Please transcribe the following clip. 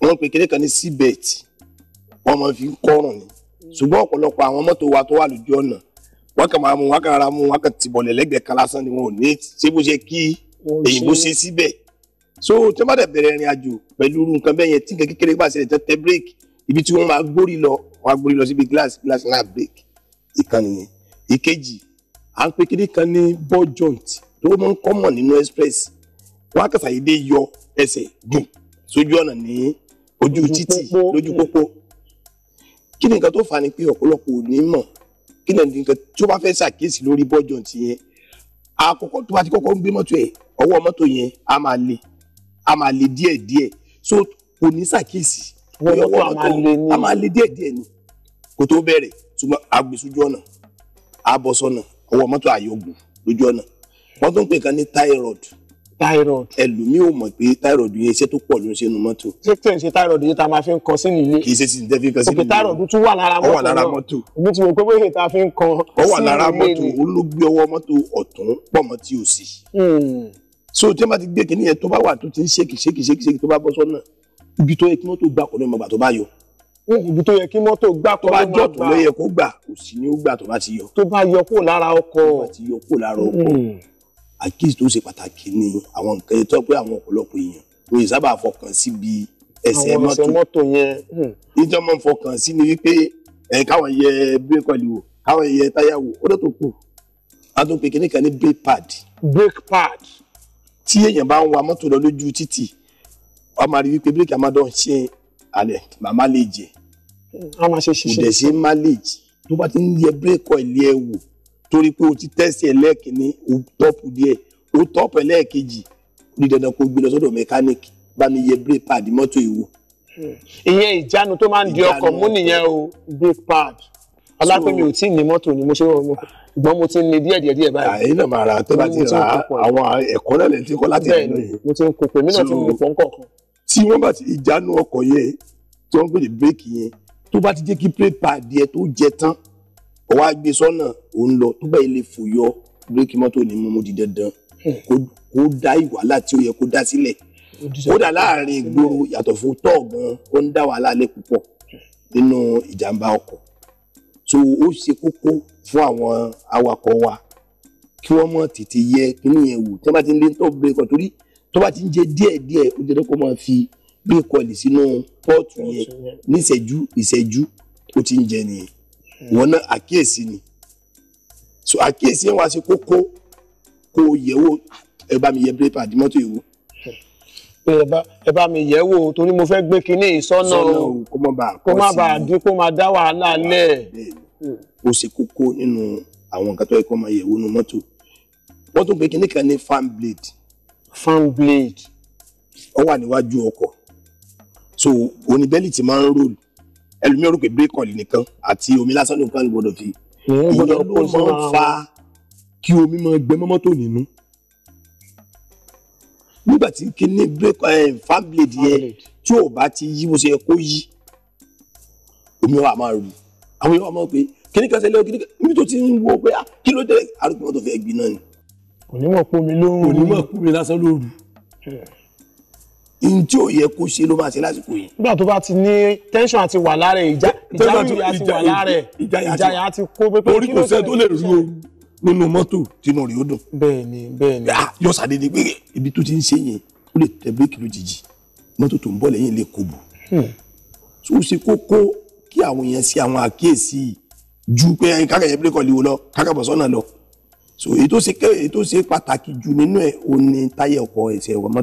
wọ́n pe kékeré kan ní seabed wọ́n máa fi ń kọ́rùn ni mm. ṣùgbọ́n ọ̀pọ̀lọpọ̀ àwọn mọ́tò wa tó wà lójú ọ̀nà wọ́n kàn máa mú wọ́n kàn ra mú wọ́n kàn tìbọ̀lẹ̀ lẹ́gbẹ̀ẹ́ kan lásán ni wọn ò ní ṣé bó ṣe kí èyìnbó ṣe síbẹ̀ so tí wọ́n bá dẹ̀ bẹ̀rẹ̀ ìrìn àjò pẹ̀lú nǹkan bẹ́ẹ̀ yẹn tí nǹkan kékeré bá ṣẹlẹ̀ tẹ́ bírèkì ibi tí wọ́n máa gbórí lọ wọ́n á gbórí lọ síbi gíláàsì gíláàsì náà bírèkì ìkan nìyẹn ìkejì à ń pe kiri kan ní ball joint tó máa ń kọ́mọ̀ nínú express wọ́n á kàṣàyédé yọ ẹsẹ̀ dùn sójú ọ̀nà ní ojú títì lójú pópó kí ni nǹkan tó fà á ni pé ọ̀pọ̀lọpọ̀ ò ní mọ̀ kí ni nǹkan tó bá fẹ́ ṣàkíyèsí lórí bọ́jọ̀ ti yẹn àkọ́kọ́ tó bá ti kọ́kọ́ ń gbé mọ́tò ẹ̀ ọwọ́ mọ́tò yẹn a máa le a máa le díẹ̀ díẹ̀ so kò ní ṣàkíyèsí ọwọ́ mọ́tò a máa le díẹ̀ díẹ̀ ni kò tó bẹ̀rẹ̀ ṣùgbọ́n a gbé sójú ọ̀nà a bọ̀ sọ́nà ọwọ́ mọ́tò àyọ̀gùn lójú ọ̀nà wọ́n tún pè kan ní tie thyroid. ẹlòmíì ò mọ̀ pé thyroid yẹn iṣẹ́ tó pọ̀ ló ń ṣe nu mọ́tò. ṣé tí ò ń ṣe thyroid yẹn tá a máa fi ń kan sínú ilé. kì í ṣe tí ǹjẹ́ fi ń kan sínú ilé. òkè thyroid tún wà lára mọ́tò. ó wà lára mọ́tò. ibi tí mo pé bóyá tá a fi ń kan sínú ilé ni. ó wà lára mọ́tò olóògbé ọwọ́ mọ́tò ọ̀tún pọ̀ mọ́ tí ò sí. Hmm. so tí wọ́n bá ti gbé kinní yẹn tó bá wà tó ti ń ṣèkì ṣèkì ṣèkì tó bá bọ́ sọ́nà ibi tó yẹ kí mọ́tò gbà kọ́ ní ọmọgbà tó bá yọ hmm, ibi tó yẹ kí mọ́tò gbà tó bá jọ tó ló yẹ kó gbà kò sí ní ó gbà tó bá ti yọ. tó bá yọ kó lára ọkọ̀. tó bá ti yọ kó lára ọkọ̀ hmm àkíyèsí tó ṣe pàtàkì ni àwọn nǹkan yẹn tó pé àwọn ọ̀pọ̀lọpọ̀ èèyàn òye sábà fọkàn sí bí ẹsẹ̀ mọ́tò yẹn hmm. níjọ máa ń fọkàn sí ni wípé ẹ káwọn yẹ bírékọlì wò káwọn yẹ táyà wò ó lọ́tò kù a tó pe kíní kan ní brake pad. brake pad. tí èèyàn bá ń wa mọ́tò lọ lójú títì wọ́n máa rí wípé bírékì amádọ́ ń ṣe alẹ̀ màmá lè jẹ. a máa ṣe ṣiṣẹ́ kò dẹ̀ ṣe manage tó bá ti ń yẹ bírékọlì ẹ wò torí pé o ti tẹ́sí ẹ̀ lẹ́ẹ̀kínní o tọ́pù díẹ̀ o tọ́pù ẹ̀ lẹ́ẹ̀kejì ní dandan kó gbé lọ sọ́dọ̀ mẹkáníìkì bá mi yẹ brake pad mọ́tò ìwò. ìyẹn ìjánu tó máa ń di ọkọ̀ mú nìyẹn o brake pad alápèmí ò tí ì ní mọ́tò ni mo ṣe wọ́n mọ́ ìgbọ́n mo ti ń le díẹ̀ díẹ̀ díẹ̀ báyìí. àyè náà máa ra tó bá ti ra àwọn ẹ̀kọ́ náà lè ti kọ́ láti ẹ̀yìn. bẹ́ẹ̀ni mo ti ń kópe mí náà ti ń lò fún kọ̀ọ̀kan. tí wọ́n bá ti ìjánu ọkọ̀ yẹn tí wọ́n ń pè bírèkì yẹn tó bá ti jẹ́ kí brake pad tó jẹ tán ó wá gbé sọ́nà ó ń lọ tó bá ilé fòyọ bíréèkì mọ́tò ní mímú di dandan hmm. kó dá ìwàhálà tí ó yẹ kó dá sílẹ̀ kódà láàrin ìgboro yàtọ̀ fún tọ́ gan ó ń dá wàhálà lẹ̀ púpọ̀ nínú ìjàmbá ọkọ̀ so ó ṣe kókó fún àwọn awakọ̀ wa kí wọ́n mọ̀ tètè yẹ kíní yẹn wò tí wọ́n bá ti ń lé tó bíréèkì torí tó bá ti ń jẹ díẹ̀ díẹ̀ ó jẹ́ kó máa fi bíréèkì ọ̀lì sínú pọ́ọ̀tù yẹn níṣẹ́jú ìṣẹ́jú ó ti ń jẹ wọn náà àkíyèsí ni so àkíyèsí yẹn wá sí kókó kó yẹ̀wò ẹ bá mi yẹ bírèpà di mọ́tò ìwò. ẹ bá mi yẹ̀wò torí mo fẹ́ gbé kinní ìsọ́nà o kó má bàa kó má bàa dín kó má dá wàhálà lẹ̀. ó ṣe kókó nínú àwọn nǹkan tó yẹ kó máa yẹ̀wò nínú mọ́tò wọ́n tún gbé kinní kan ní fan blade. fan blade. ó wà níwájú ọkọ̀ so oníbẹ́lì ti máa ń rólù ẹlòmíì rò pé break oil nìkan àti omi lásán nìkan ni gbọ́dọ̀ fi ìyẹn ló máa ń fa kí omi máa gbẹ mọ́ mọ́tò nínú nígbà tí kíní break eh, fan blade yẹn tí ò bá ti yí bó ṣe yẹ kó yí omi wa máa rù àwọn yẹn wà máa pé kíní kan ṣẹlẹ̀ kíní kan níbi tó ti ń wo pé ah, kí ló dé arúgbó mọ́tò fẹ́ gbin náà ni. onímọ̀ pómi ló onímọ̀ pómi lásán ló n tí ò yẹ kó ṣe ló máa ṣe lásìkò yẹn. nígbà tó bá ti ní tension àti wà lára ẹ̀ ìjáyà àti wà lára ẹ̀ ìjáyà àti kó pépé. torí kò sẹ́ni tó lè rú ooru nínú mọ́tò tínú rẹ̀ ó dùn. bẹ́ẹ̀ni bẹ́ẹ̀ni. Ah, yọ sàdédé pé ibi tó ti ń ṣe yẹn ó lè tẹ bíríkì lójijì mọ́tò tó ń bọ̀ lẹ́yìn lè kó bù. tó hmm. ṣe kókó kí àwọn èèyàn ṣe àwọn àkíyèsí ju pé kákàyẹ bíríkì ọ̀lẹ́wọ̀ lọ kákàbọ̀ sọ́nà lọ so èyí tó ṣe pàtàkì jù nínú ẹ̀ òun ni táyà ọkọ̀ ẹ̀sẹ̀ ọmọ